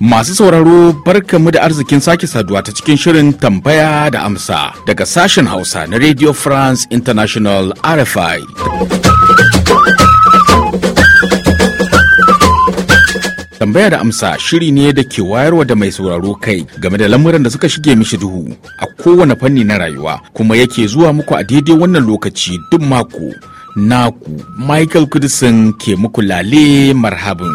Masu sauraro mu da arzikin sake saduwa ta cikin shirin tambaya da amsa daga sashen Hausa na Radio France International RFI. Tambaya da amsa shiri ne da ke wayarwa da mai sauraro kai game da lamuran da suka shige mishi duhu a kowane fanni na rayuwa kuma yake zuwa muku a daidai wannan lokaci duk mako naku Michael Kudisin ke muku lale marhabin.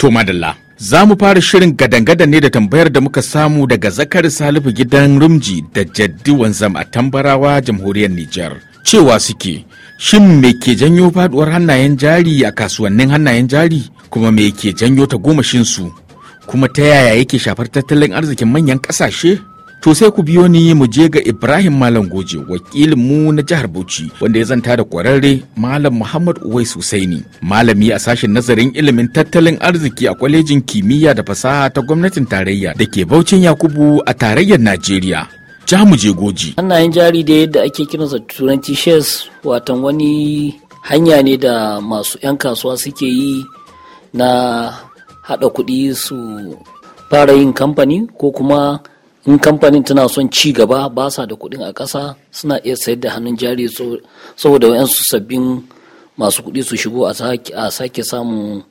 To madalla. Za mu fara shirin gadangadan ne da tambayar da muka samu daga Zakar salifu gidan rumji da jaddi wanzam a tambarawa jamhuriyar Nijar. Cewa suke, shin me ke janyo faduwar hannayen jari a kasuwannin hannayen jari kuma me ke janyo ta gomashinsu kuma ta yaya yake shafar tattalin arzikin manyan ƙasashe? To sai ku biyo ni mu je ga Ibrahim Malam Goje wakilin mu na jihar Bauchi wanda ya zanta da kwararre Malam Muhammad Uwai Susaini malami a sashen nazarin ilimin tattalin arziki a kwalejin kimiyya da fasaha ta gwamnatin tarayya da ke Baucin Yakubu a tarayyar Najeriya. muje Goji. Hannayen jari da yadda ake kiransa turanci shares watan wani hanya ne da masu 'yan kasuwa suke yi na haɗa kuɗi su fara yin kamfani ko kuma in kamfanin tana son ci gaba ba sa da kuɗin a ƙasa suna iya sayar da hannun jari saboda wayansu sabbin masu kuɗi su shigo a sake samun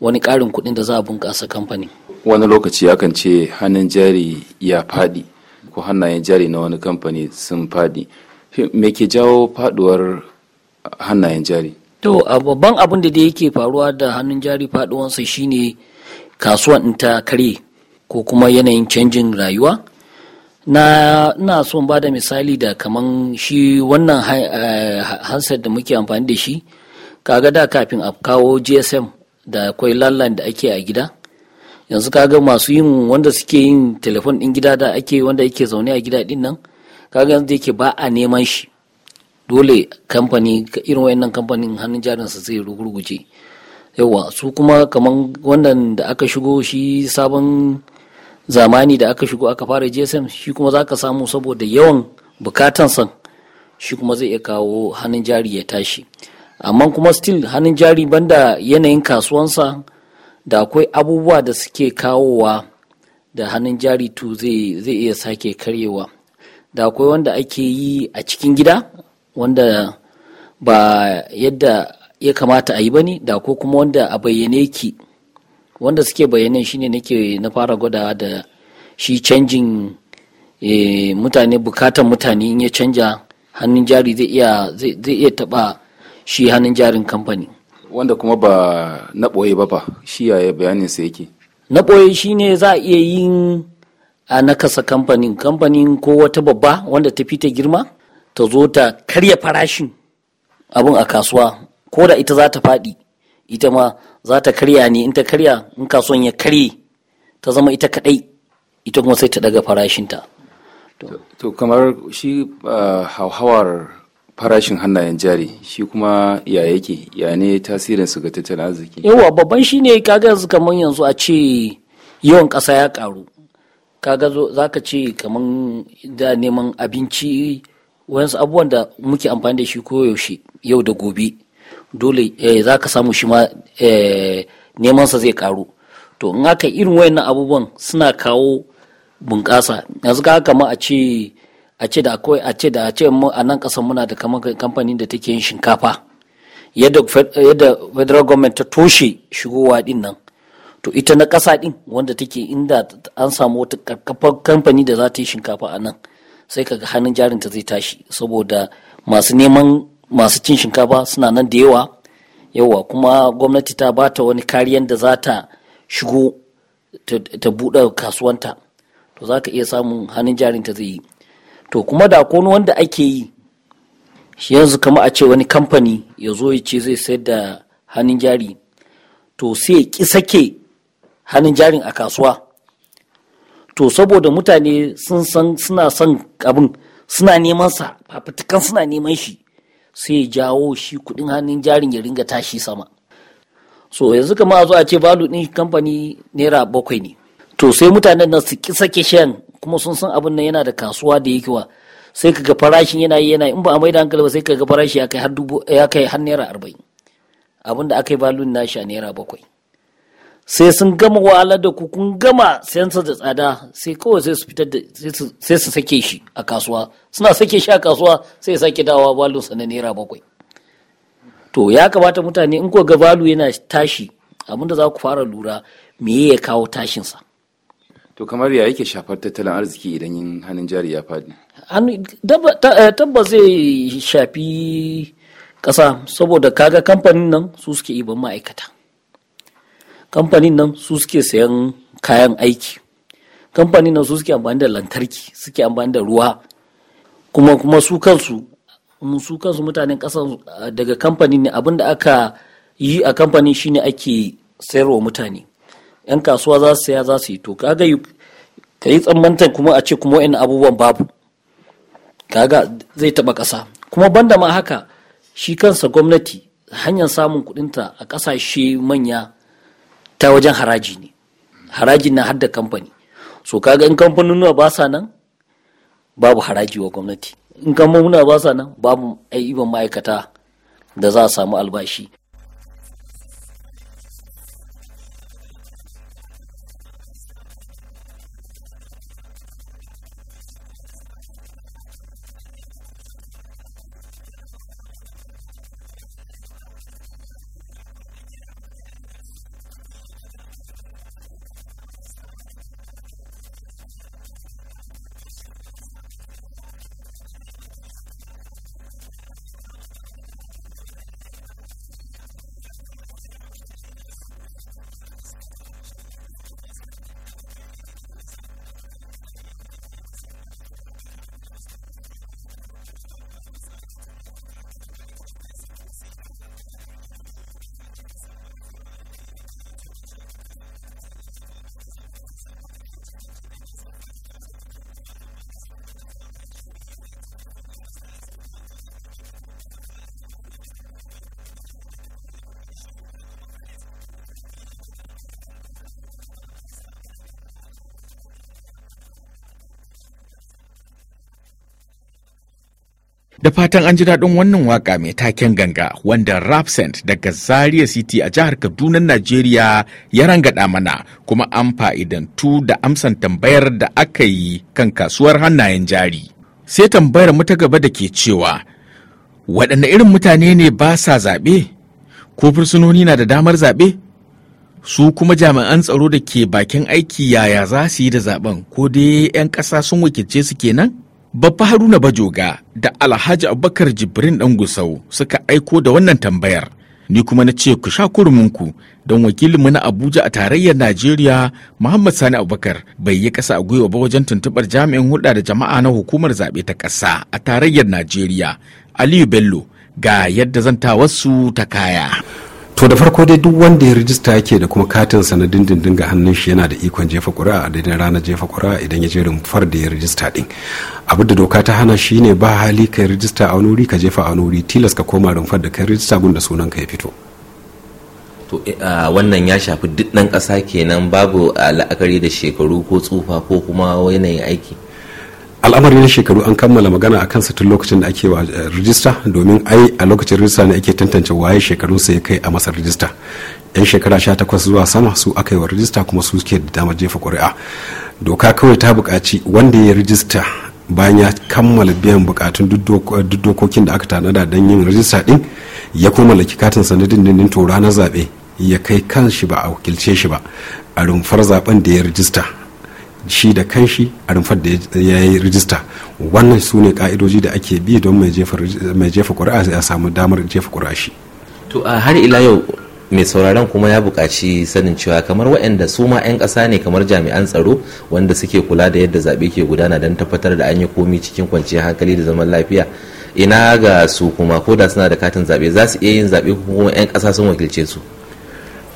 wani ƙarin kuɗin da za a bunƙasa kamfanin wani lokaci kan ce hannun jari ya faɗi ko hannayen jari na wani kamfani sun faɗi me ke jawo faɗuwar hannayen jari to babban abin da yake faruwa da hannun jari faɗuwansa shine kasuwan ta kare ko kuma yanayin canjin rayuwa na ina son ba da misali da kaman shi wannan eh, hansar da muke amfani da shi kaga da kafin a kawo gsm da akwai landline da ake a gida yanzu kaga masu yin wanda suke yin telefon din gida da ake wanda yake zaune a gida din nan kaga yanzu yake ba a neman shi dole kamfani irin wayannan kamfanin hannun jarinsa zai rugurguje yawa su kuma kaman wannan da aka shigo shi sabon zamani da aka shigo aka fara gsm shi kuma za ka samu saboda yawan bukatan san shi kuma zai iya kawo hannun jari ya tashi amma kuma still hannun jari banda yanayin kasuwansa da akwai abubuwa da suke kawowa da hannun jari tu zai iya sake karyewa da akwai wanda ake yi a cikin gida wanda ba yadda ya kamata a yi ba ne da ko kuma wanda a bayyane ki wanda suke bayanan shine nake na fara gwada da shi canjin e, mutane bukatan mutane in ya canja hannun jari zai iya zai iya taba shi hannun jarin kamfani wanda kuma ba na ɓoye ba ba shi yaya bayanin sa yake na ɓoye shine za a iya yin a nakasa kamfanin kamfanin ko wata babba wanda ta fita girma ta zo ta karya farashin abin a kasuwa ko da ita za ta faɗi ita ma za ta karya ne in ta karya in son ya karye ta zama ita kadai ita kuma sai ta daga farashinta to kamar shi ah, hauhawar farashin hannayen jari shi kuma ya yake ya ne tasirin su ga tattalin arziki yawa babban shi shine kaga yanzu kamar yanzu a ce yawan ƙasa ya karu kaga za ka ce kamar da neman abinci wayansu abubuwan da muke amfani da shi koyaushe yau da gobe dole eh, za ka samu shi ma eh, nemansa zai karu to in haka irin wayannan abubuwan suna kawo bunƙasa yanzu ga haka ma a ce a ce da akwai a ce da a ce a nan ƙasar muna da kamar kamfani da take yin shinkafa yadda federal government ta toshe shigowa din nan to ita na ƙasa din wanda take inda an samu wata karkafar kamfani da za ta yi shinkafa a nan sai kaga hannun jarin ta zai tashi saboda masu neman masu cin shinkafa suna nan da yawa yawa kuma gwamnati ta ba ta wani kariyan da za ta shigo ta buɗe kasuwanta to za ka iya samun hannun jarinta zai yi to kuma da kono wanda ake yi shi yanzu kama a ce wani kamfani ya zo ya ce zai sayar da hannun jari to sai ya ƙi sake hannun jarin a kasuwa to saboda mutane sun suna son abin suna neman sa fafutukan suna neman shi sai jawo shi kudin hannun jarin ya ringa tashi sama so yanzu kama a zo a ce balu din kamfani naira bakwai ne to sai mutanen nan su ki sake shan kuma sun san abin nan yana da kasuwa da yake wa sai kaga farashin yana yi yana in ba a maida hankali ba sai kaga farashi ya kai har naira arba'in abin da aka yi balu nashi a naira bakwai sai sun gama wahala da ku kun gama sayansa da tsada sai kawai sai su fitar da sai su sake shi a kasuwa suna sake shi a kasuwa sai ya sake dawa balu sa na naira bakwai to ya kamata mutane in ko ga balu yana tashi abinda za ku fara lura me ya kawo tashinsa to kamar ya yake shafar tattalin arziki idan yin hannun jari ya faɗi eh, tabbas zai shafi ƙasa saboda kaga kamfanin nan su suke iban ma'aikata kamfanin nan su suke sayan kayan aiki kamfanin nan su suke amfani da lantarki suke amfani da ruwa kuma kuma su kansu su kansu mutanen ƙasar daga kamfanin ne abinda aka yi a kamfanin shine ake sayarwa mutane yan kasuwa za su saya za su yi to kaga ka yi tsammantar kuma a ce kuma wa'in abubuwan babu kaga zai taba ƙasa kuma banda ma haka shi kansa gwamnati hanyar samun kuɗinta a ƙasashe manya ta wajen haraji ne harajin na hadda kamfani so kaga in kamfanin ba sa nan babu haraji wa gwamnati in kamfanin ba sa nan babu ayyuban ma'aikata da za a samu albashi Da fatan an ji daɗin wannan waka mai taken ganga wanda Rapsent daga Zaria City a jihar Kaduna Najeriya ya rangada mana kuma an fa'idantu da amsan tambayar da aka yi kan kasuwar hannayen jari. Sai tambayar mu ta gaba da ke cewa waɗanne irin mutane ne ba sa zaɓe? Ko fursunoni na da damar zaɓe? Su kuma jami'an tsaro da ke bakin aiki yaya za su yi da zaɓen ko dai 'yan ƙasa sun wakilce su kenan? Baffa Haruna Bajoga da Alhaji Abubakar Jibrin ɗan Gusau suka aiko da wannan tambayar. Ni kuma na ce ku sha kurminku don wakilinmu na Abuja a tarayyar Najeriya Muhammad Sani Abubakar bai yi kasa a gwiwa ba wajen tuntuɓar jami'in hulɗa da jama'a na hukumar zaɓe ta ƙasa a tarayyar Najeriya Aliyu Bello ga yadda wasu ta kaya. to da farko dai duk wanda ya rijista yake da kuma katin sa na dindindin hannun shi yana da ikon jefa kuri'a a daidai ranar jefa kuri'a idan ya je rumfar da ya rijista din abu da doka ta hana shi ne ba hali kai rijista a wani wuri ka jefa a wani wuri tilas ka koma rumfar da kai rijista gun da sunan ka ya fito to eh, wannan ya shafi duk ɗan ƙasa kenan babu la'akari da shekaru ko tsufa ko kuma yanayin aiki al'amarin shekaru an kammala magana a kansa tun lokacin da ake wa eh, rijista domin ai a lokacin rijista ne ake tantance waye sa ya kai a masa rijista yan shekara sha takwas zuwa sama su aka yi wa rijista kuma su suke da damar jefa ƙuri'a doka kawai ta buƙaci wanda ya rijista bayan ya kammala biyan buƙatun duk eh, dokokin da aka tanada don yin rijista din ya kuma mallaki katin sanadin dindin to ranar zaɓe ya kai kan shi ba a wakilce shi ba a rumfar zaben da ya rijista shi da kanshi a rumfar da ya yi rijista wannan su ne ka'idoji da ake bi don mai jefa ƙuri'a ya samu damar jefa ƙuri'a shi to a har ila yau mai sauraron kuma ya buƙaci sanin cewa kamar waɗanda su ma 'yan ƙasa ne kamar jami'an tsaro wanda suke kula da yadda zaɓe ke gudana don tabbatar da an yi komi cikin kwanciyar hankali da zaman lafiya ina ga su kuma ko da suna da katin zaɓe za su iya yin zaɓe kuma 'yan ƙasa sun wakilce su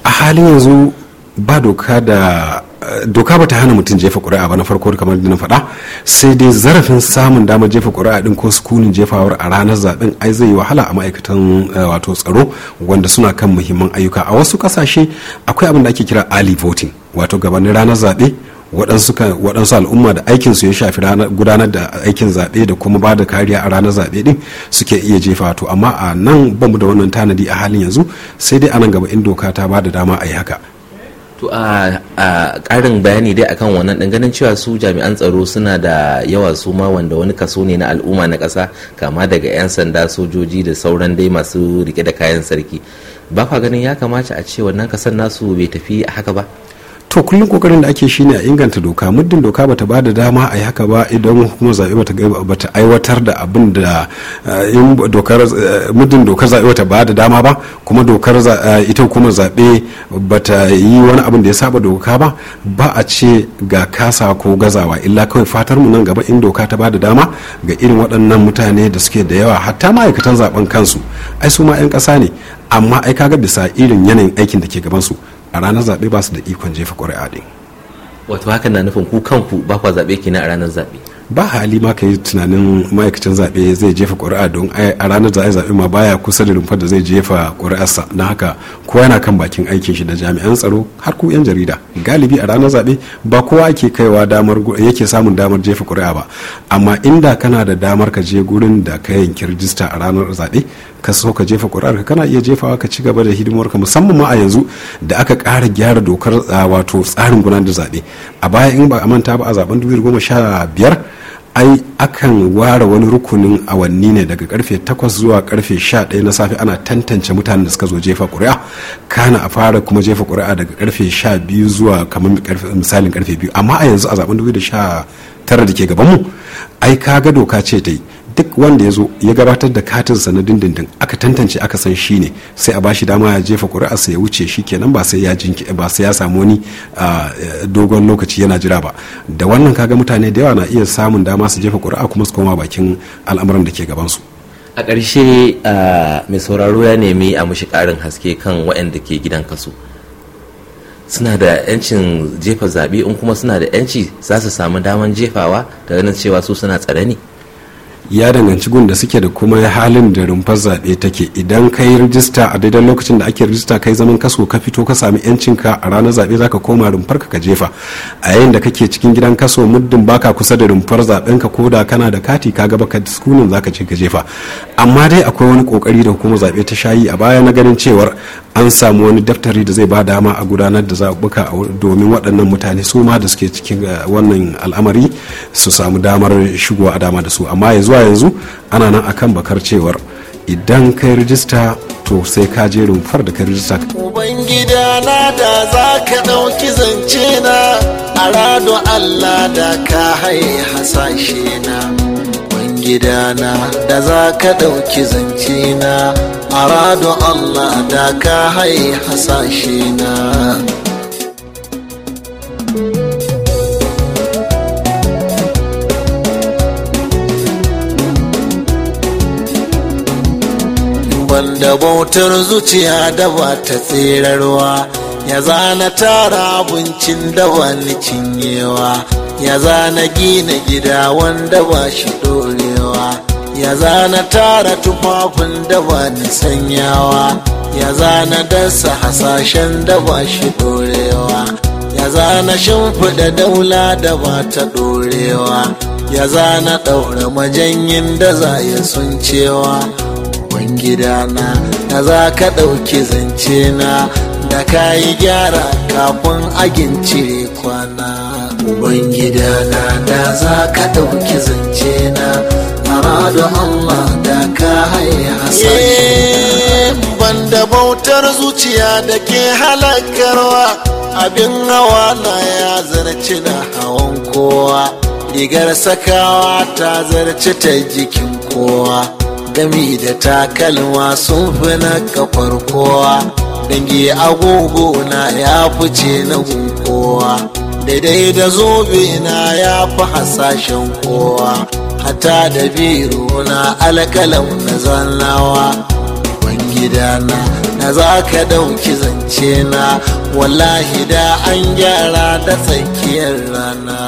a halin yanzu ba doka da doka ba ta hana mutum jefa ƙuri'a ba na farko kamar da na faɗa sai dai zarafin samun damar jefa ƙuri'a din ko sukunin jefawar a ranar zaɓen ai zai yi wahala a ma'aikatan eh, wato tsaro wanda suna kan muhimman ayyuka a wasu ƙasashe akwai abin da ake kira early voting wato gabanin ranar zaɓe waɗansu al'umma da aikin su ya shafi gudanar da aikin zaɓe da kuma ba da kariya a ranar zaɓe din suke iya jefa to amma a nan bamu da wannan tanadi a halin yanzu sai dai a nan gaba in doka ta ba da dama a yi haka to a ƙarin bayani dai akan wannan ɗan ganin cewa su jami'an tsaro suna da yawa su ma wanda wani kaso ne na al'umma na kasa kama daga 'yan sanda sojoji da sauran dai masu rike da kayan sarki ba ganin ya kamata a ce wannan kasan nasu bai tafi haka ba to kullum kokarin da ake shine a inganta doka muddin doka bata ba da dama a yi haka ba idan hukumar zaɓe bata bata aiwatar da abin da eh, dokar eh, muddin dokar zaɓe bata ba da dama ba kuma dokar eh, ita kuma zaɓe bata yi wani abin da ya saba doka ba ba a ce ga kasa ko gazawa illa kawai fatar mu nan gaba in doka ta bada dama ga irin waɗannan mutane da suke da yawa hatta ma'aikatan zaben kansu ai su ma 'yan ƙasa ne amma ai kaga bisa irin yanayin aikin da ke gaban su a ranar zaɓe ba su da ikon jefa ƙuri'a ɗin wato haka na nufin ku kanku ba kwa zaɓe kenan a ranar zaɓe ba hali ma ka yi tunanin ma'aikacin zaɓe zai jefa ƙuri'a don a ranar zaɓe zaɓe ma baya kusa da rumfar da zai jefa ƙuri'arsa na haka kowa yana kan bakin aikin shi da jami'an tsaro har ku 'yan jarida galibi a ranar zaɓe ba kowa ke kaiwa damar yake samun damar jefa ƙuri'a ba amma inda kana da damar ka je gurin da ka yanki rijista a ranar zaɓe ka so ka jefa ƙuri'ar ka kana iya jefawa ka ci gaba da hidimar ka musamman ma a yanzu da aka ƙara gyara dokar wato tsarin gudanar da zaɓe a baya in ba a manta ba a zaben biyar. ai akan ware wani rukunin awanni ne daga karfe 8 zuwa karfe 11 na safe ana tantance mutanen da suka zo jefa ƙuri'a kana a fara kuma jefa ƙuri'a daga karfe 12 zuwa kamar misalin karfe 2 amma a yanzu a zaben 2019 da ke gabanmu ai kaga doka ce ta yi duk wanda ya zo ya gabatar da katin na dindindin aka tantance aka san shi ne sai a bashi dama ya jefa ƙuri'arsa ya wuce shi kenan ba sai ya jinki ba sai ya samu wani eh, dogon lokaci yana jira ba da wannan kaga mutane da yawa na iya samun dama su jefa ƙuri'a kuma su koma bakin al'amuran da ke gaban su a ƙarshe mai sauraro ya nemi a mushi ƙarin haske kan waɗanda ke gidan kasu suna da yancin jefa zaɓe in kuma suna da yanci za su samu daman jefawa da ganin cewa su suna tsare ya danganci gun da suke da kuma halin da rumfar zaɓe take idan ka yi rijista a daidai lokacin da ake rijista kai zaman kaso ka fito ka sami yancinka a ranar zaɓe zaka koma rumfar ka ka jefa a yayin da kake cikin gidan kaso muddin baka kusa da rumfar zaɓen ka da kana da kati ka gaba ka za zaka ce ka jefa amma dai akwai wani kokari da hukumar zaɓe ta shayi a baya na ganin cewar an samu wani daftari da zai ba dama a gudanar da zaɓuka domin waɗannan mutane su ma da suke cikin eh, wannan al'amari su samu damar shigowa a dama da su amma ya zuwa yanzu ana nan akan bakar cewar idan kai rijista to sai ka je rumfar da kai rijista ubangida na da za ka ɗauki zance na a rado allah da ka haye hasashe na ubangida na da za ka ɗauki zance na da Allah da ka hai hasashe na Wanda bautar zuciya da ba ta tserarwa ya zana tara abincin da ba ni cinyewa ya zana gina gida wanda ba shi dorewa ya zana tara tufafin da ni sanyawa ya zana dasa hasashen da ba shi dorewa ya zana shimfiɗa daula da ba ta dorewa ya zana ɗaura majanyin da za ya sun cewa gidana da za ka ɗauki zance na da ka yi gyara kafin agin cire kwana ubangidana da za ka ɗauki zance na kara da Allah da ka haye hasali eh, ban da bautar zuciya da ke halakarwa abin hawa na ya zarci na hawan kowa rigar sakawa ta zarci ta jikin kowa gami da takalma sun fi na kafar kowa dangi agogo na ya fice na kowa daidai da zobe na ya fi hasashen kowa hata da biro na alƙalam na zannawa gidana na za ka ɗauki zance na wallahi da an gyara da tsakiyar rana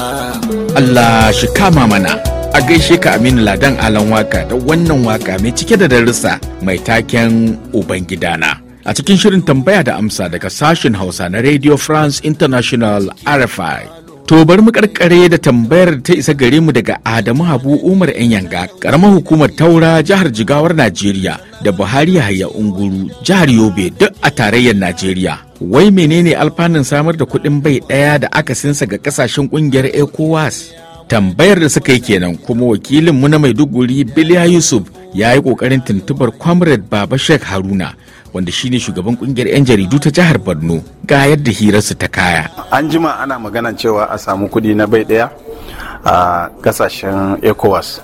Allah shi kama mana a gaishe ka aminu ladan alan waka da wannan waka mai cike da darussa mai taken ubangidana a cikin shirin tambaya da amsa daga sashen hausa na radio france international rfi To bar mu karkare da tambayar ta isa gare mu daga Adamu Habu Umar Yanga, karamar hukumar Taura jihar Jigawar Najeriya da Buhari Yahaya Unguru jihar Yobe duk a tarayyar Najeriya. Wai menene alfanun samar da kuɗin bai ɗaya da aka akasinsa ga ƙasashen ƙungiyar ECOWAS? Tambayar da suka yi kenan kuma wakilin mu na Maiduguri Biliya Yusuf ya yi ƙoƙarin tuntubar Comrade Baba Sheikh Haruna wanda shine shugaban kungiyar 'yan jaridu ta jihar borno ga yadda hirarsu ta kaya an jima ana magana cewa a samu kudi na bai daya a kasashen ecowas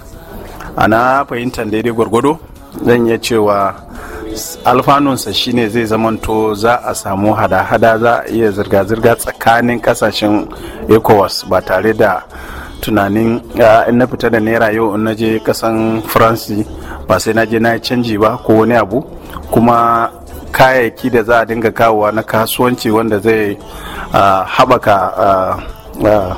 ana fahimtar daidai gwargwado zan iya cewa alfanunsa shine zai zamanto za a samu hada-hada za a iya zirga-zirga tsakanin kasashen ecowas ba tare da tunanin in na fita da naira yau in na je kasan faransi ba sai na je na canji ba ko wani abu kuma kayayyaki da za a dinga kawowa na kasuwanci wanda zai ah, haɓaka ah, ah,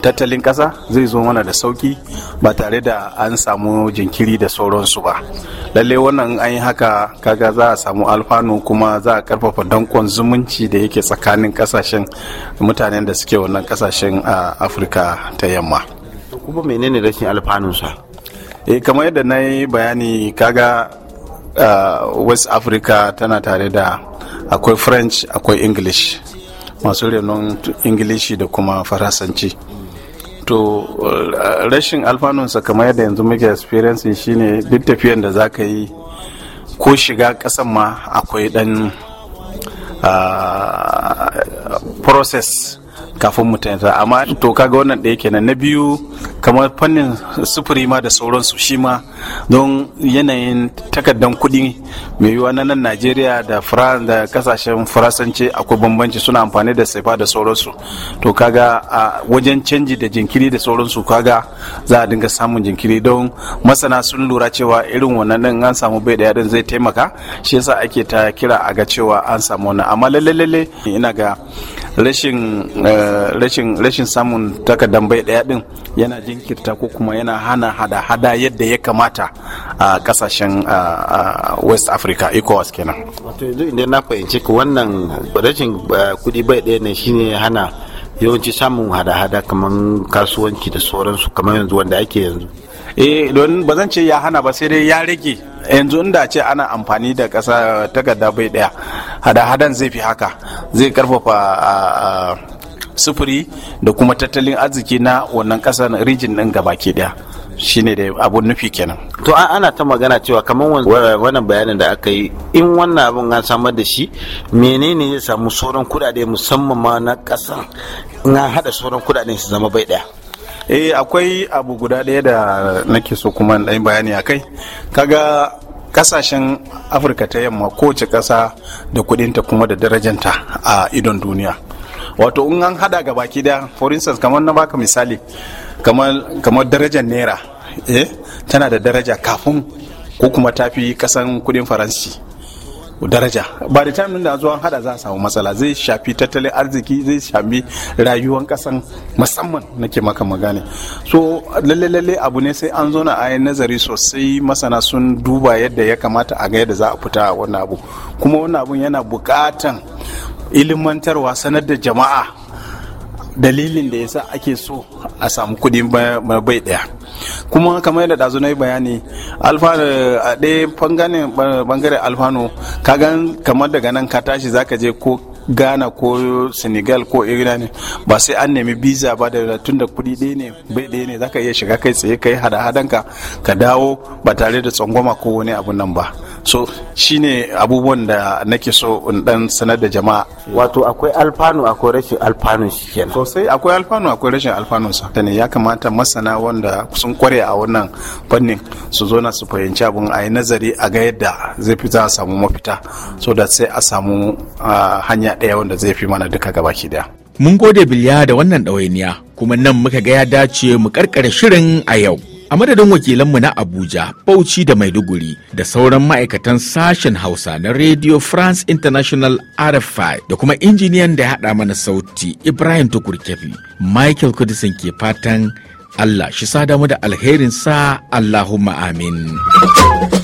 tattalin ƙasa zai zo mana da sauki ba tare da an samu jinkiri da sauransu ba lalle wannan an yi haka kaga za a samu alfanu kuma za a karfafa dankon zumunci da yake tsakanin kasashen mutanen da suke wannan kasashen a afirka ta yamma kuma menene rashin alfanunsa eh kamar yadda na yi bayani kaga uh, west africa tana tare da akwai french akwai english masu renon ingilishi da kuma faransanci to uh, rashin alfanunsa kamar yadda yanzu muke experiencing shine duk tafiyan da za ka yi ko shiga kasan ma akwai dan uh, process kafin mutum ya amma to kaga wannan ɗaya kenan na biyu kamar fannin sufuri ma da sauransu shi ma don yanayin takardar kuɗi mai yiwuwa na nan najeriya da faran da kasashen faransanci akwai bambanci suna amfani da saifa da sauransu to kaga a wajen canji da jinkiri da sauransu kaga za a dinga samun jinkiri don masana sun lura cewa irin wannan nan an samu bai da yadin zai taimaka shi yasa ake ta kira a ga cewa an samu wannan amma lalle lalle ina ga Eh, rashin samun takardar bai daya din yana jinkirta ko kuma yana hana hada-hada yadda ya kamata a kasashen west africa ecowas kenan wato yanzu inda na fahimci ka wannan rashin kudi bai daya ne shine hana yawanci samun hada-hada kamar kasuwanci da sauransu kamar yanzu wanda ake yanzu eh don ba zan ce ya hana ba sai dai ya rage yanzu inda ce ana amfani da ƙasa takarda bai ɗaya hada-hadan zai fi haka zai karfafa sufuri da kuma tattalin arziki na wannan ƙasar rijin ɗin gabaki ɗaya ne da abun nufi kenan to ana ta magana cewa kamar wannan bayanin da aka yi in wannan abun an samar da shi menene zai samu sauran kudade musamman ma na ƙasar na hada haɗa sauran kudade su zama bai ɗaya eh akwai abu guda ɗaya da nake so kuma ɗan bayani a kai kaga kasashen afirka ta yamma kowace ƙasa da kudinta kuma da darajanta a idon duniya wato in an hada ga baki da for instance kamar na baka misali kamar darajar naira eh tana da daraja kafin ko kuma tafi kasan kuɗin faransi daraja ba da time da zuwan hada za a samu matsala zai shafi tattalin arziki zai shafi rayuwar kasan musamman nake maka magani so lalle lalle abu ne sai an zo na ayin nazari sosai masana sun duba yadda ya kamata a ga yadda za a fita wannan abu kuma wannan abun yana bukatan ilimantarwa sanar da jama'a dalilin da yasa ake so a samu kuɗi bai daya kuma kamar yadda dazu na yi bayani alfanu a ɗaya bangare alfanu gan kamar daga nan ka tashi zaka je ko ghana ko senegal ko irina ba sai an nemi biza ba da tun da kuɗi ɗaya ne bai ɗaya ne zaka iya shiga kai tsaye kai hada hadan ka dawo ba tare da tsangwama ko wani abu nan ba so shine abubuwan da nake so in dan sanar da jama'a wato akwai alfanu akwai rashin alfanu shi kenan sosai akwai alfanu akwai rashin alfanu sa ne ya kamata masana wanda sun kware a wannan fannin su zo na su fahimci abun a yi nazari a ga yadda zai fita a samu mafita so da sai a samu ah, hanya hanya ɗaya wanda zai fi mana duka gabaki daya. Mun gode biliya da wannan ɗawainiya kuma nan muka ga ya dace mu karkare shirin a yau. A madadin wakilanmu na Abuja, Bauchi da Maiduguri da sauran ma'aikatan sashen Hausa na Radio France International RFI da kuma injiniyan da ya haɗa mana sauti Ibrahim Tukurkefi, Michael Kudisin ke fatan Allah shi sa damu da alherinsa Allahumma amin.